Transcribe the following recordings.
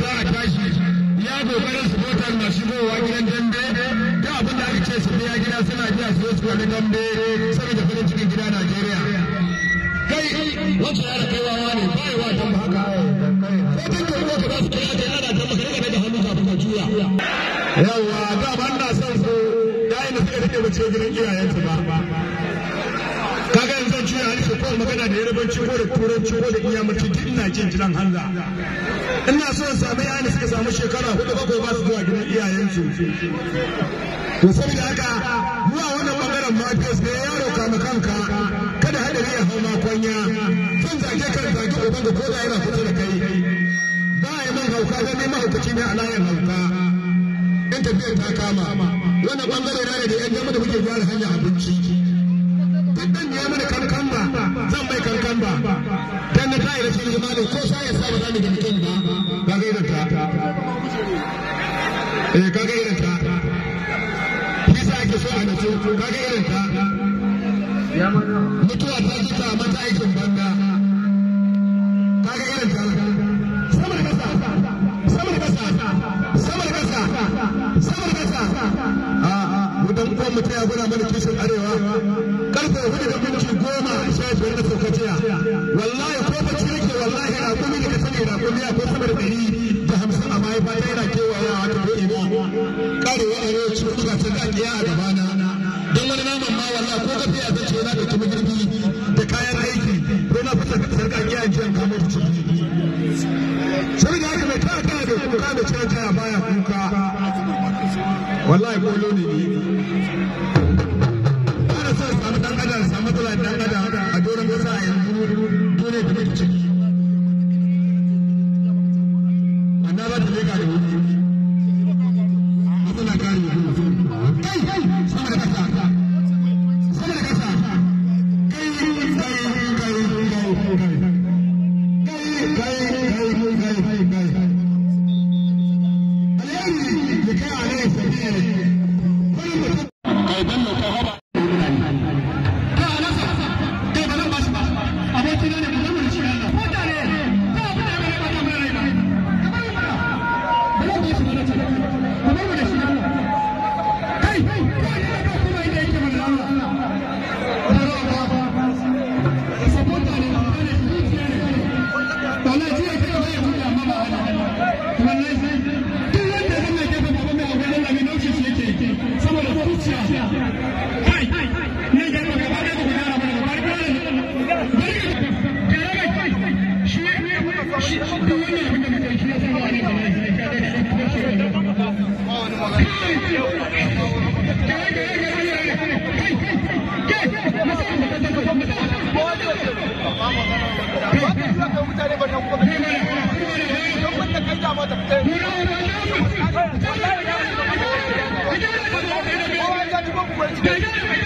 da za a tashi ya kokarin su botar na shigowa gidan dambe da abin da aka ce su biya gida suna biya su su wani dambe saboda farin cikin gida Najeriya. Kai wacce ya da kaiwawa ne ba yi wa tamba haka. Ko tun da kuma ka ba su kira ta yana tamba ka rika daga hannu kafin ka juya. Yawwa da ban na son su yayin da suka rike mace gidan iyayensu ba. kaga yanzu juya halitta ko magana da yarabanci ko da turanci ko da iyamuranci duk ina jin jiran hanza ina so sami yana suka samu shekara hudu bakwai ba su zuwa gidan iyayensu to saboda haka zuwa wannan bangaren mafios ne yaro kama kanka kada hadari ya hau makonya tun zage kan zage uban da koda yana fito da kai ba ya man hauka zan neman haukaci ne a layin hauka in tafiyar ta kama wannan bangare na ne da yan jama da muke zuwa da hanyar abinci duk dan ne ya mana kankan kamba dan na tayi rashin ko ya sa ba ba ga irin ta eh ka ga irin ta bisa ake so a nace ka ga irin ta mutuwa ta ji ta mata aikin banda ka ga irin ta samar kasa samar kasa samar kasa samar kasa a a ko mu gura mana kishin arewa karfe hudu da minti goma sha wallahi ko ba cikin ke wallahi na kuma da ka sani da kuma ya ko sama da dari da hamsin a mahaifa ta yana kewayawa ta ko ba. Karo a yau cikin duka ta kiya a gabana don wani naman ma wallahi ko ka fiya ta ce na ɗauki magirbi da kayan aiki ko na fasa sarƙaƙiya in a an kamar ciki saboda haka mai ta ka kuka da canja baya kuka wallahi bolo ne Yeah. Let's make it.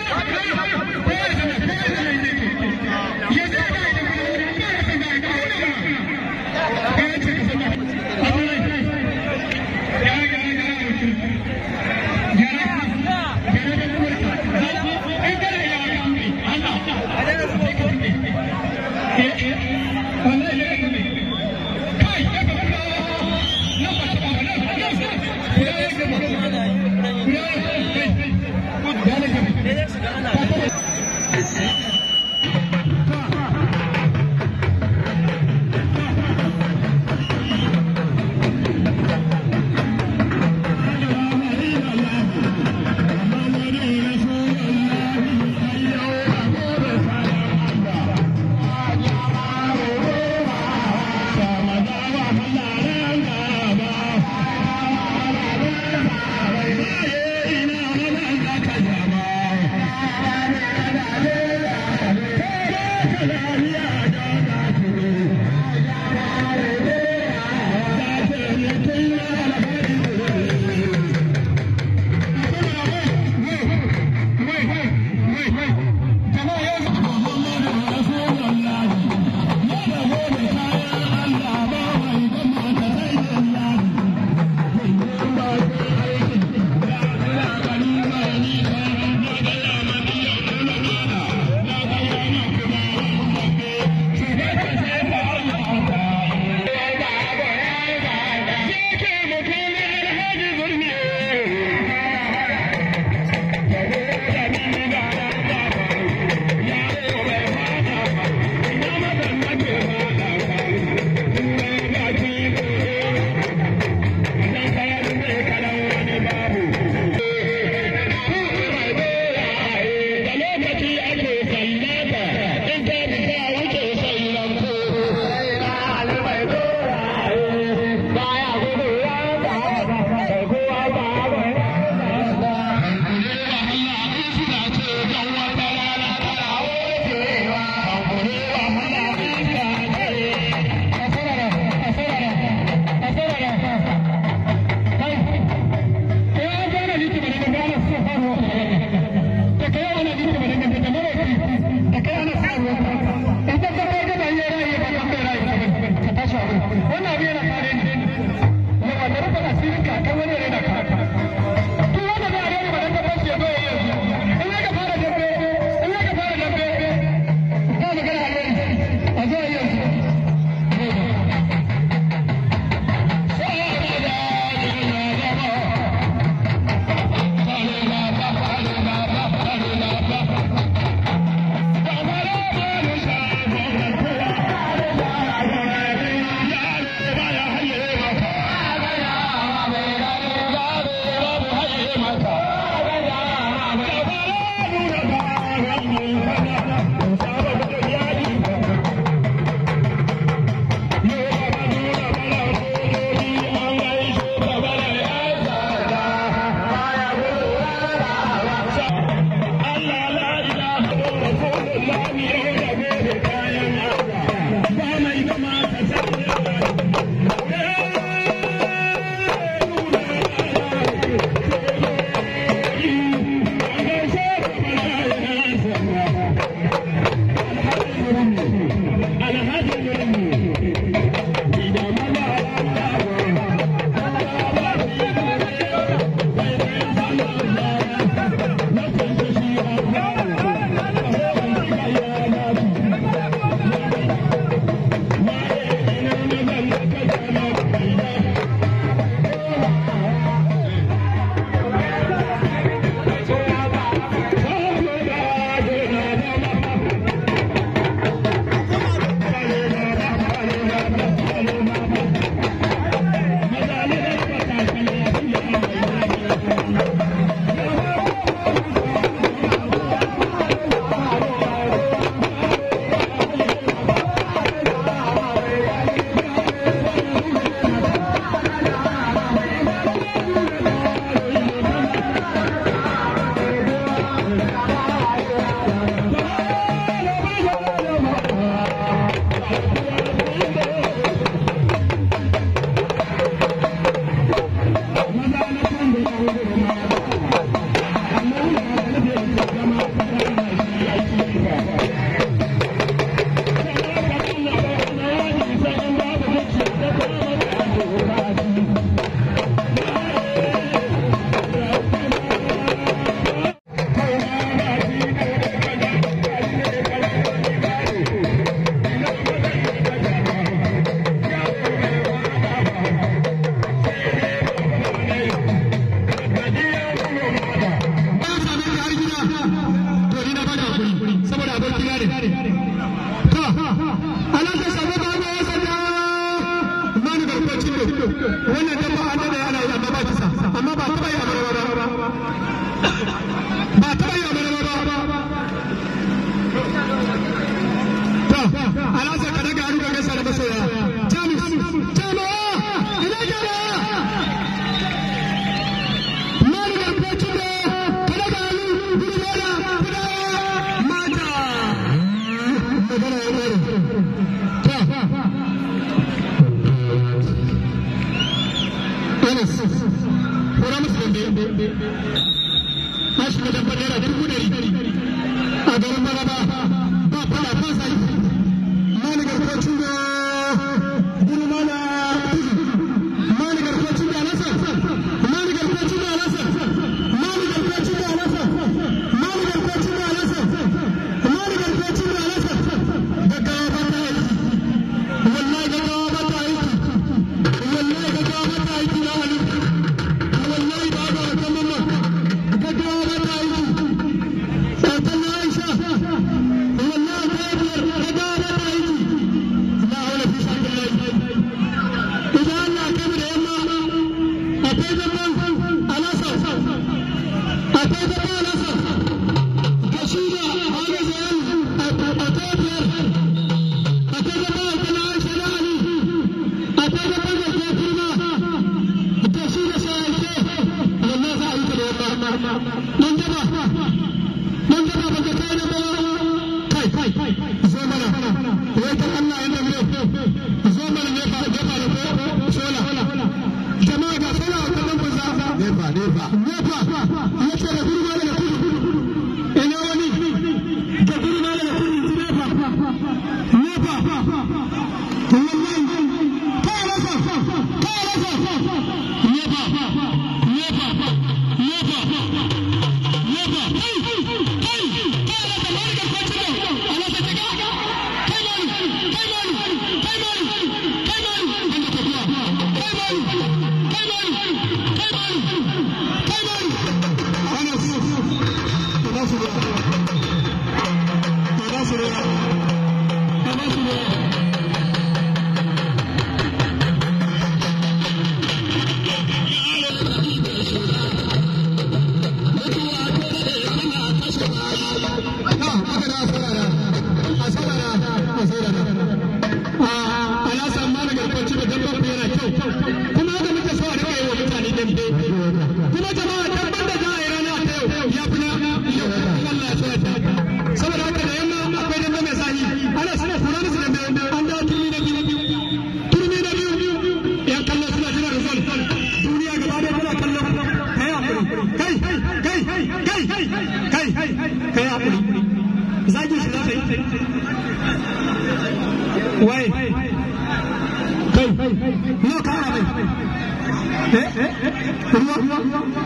E?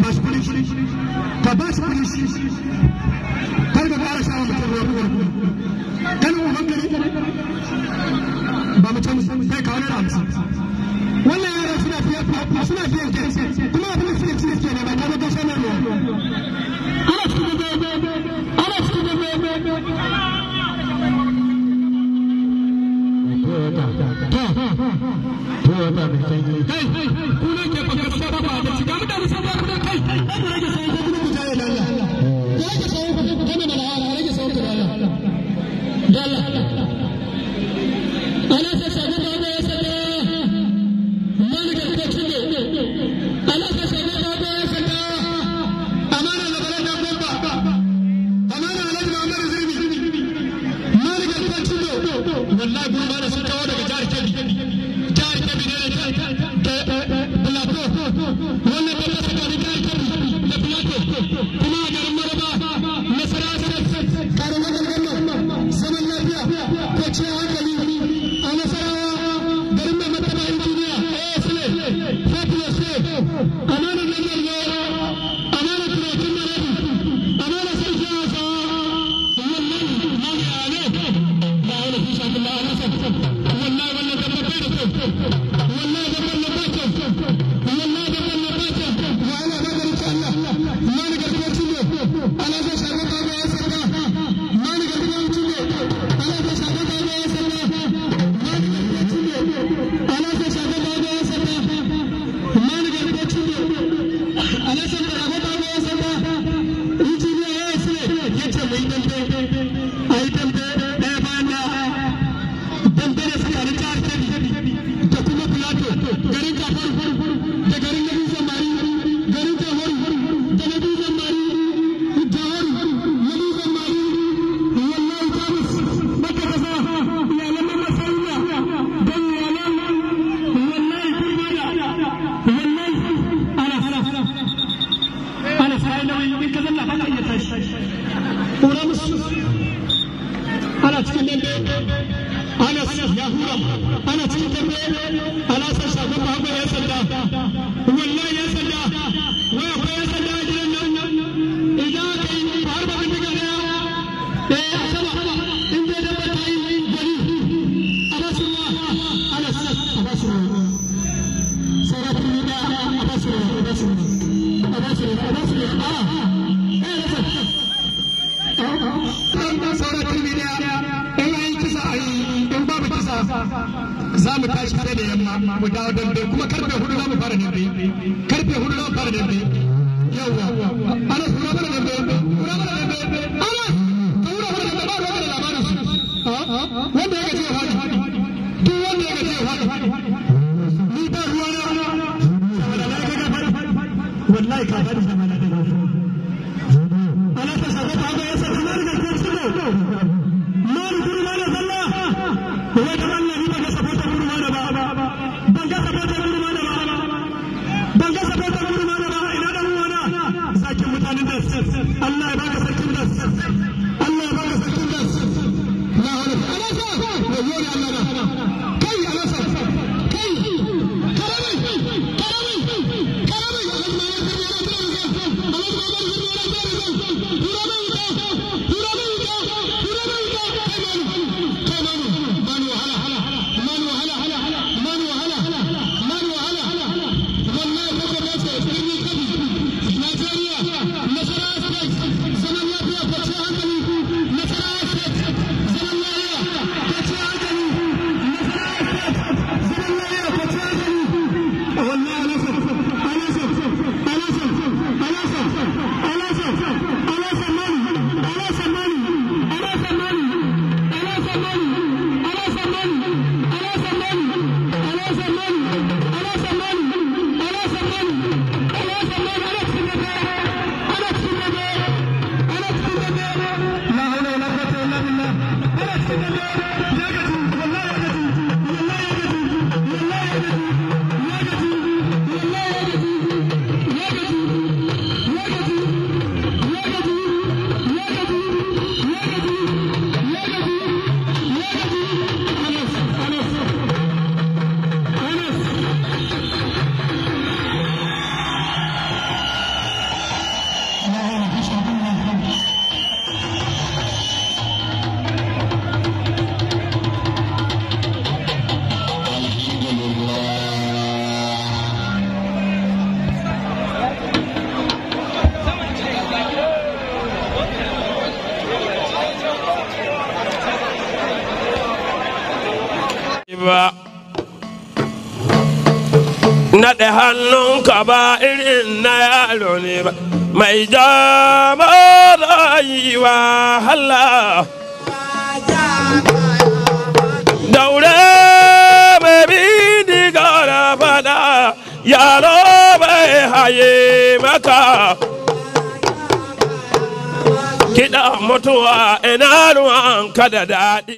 Başpolis. Kabaş polis. Kar gaba araştırma yapıyorum. Kan o hangi? Babacanız sen kahve almışsın. Kur'an'ı ana cikin dambe ana ya hura ana cikin dambe ana son za mu tashi sai da yamma mu dawo dambe kuma karfe hudu za mu fara karfe hudu za mu fara ana ana labarin su wanda ya gaji ya duk wanda ya gaji ya ni ba ruwa na wallahi ka Allah ya baka sarkin das Allah ya baka sarkin Allah ya baka sarkin da Allah ba naɗe ka ba irin na yaro ne ba mai jama rayuwa hala daure mai bi gara fada yaro bai haye maka kiɗa mutuwa ina ruwan ka da daɗi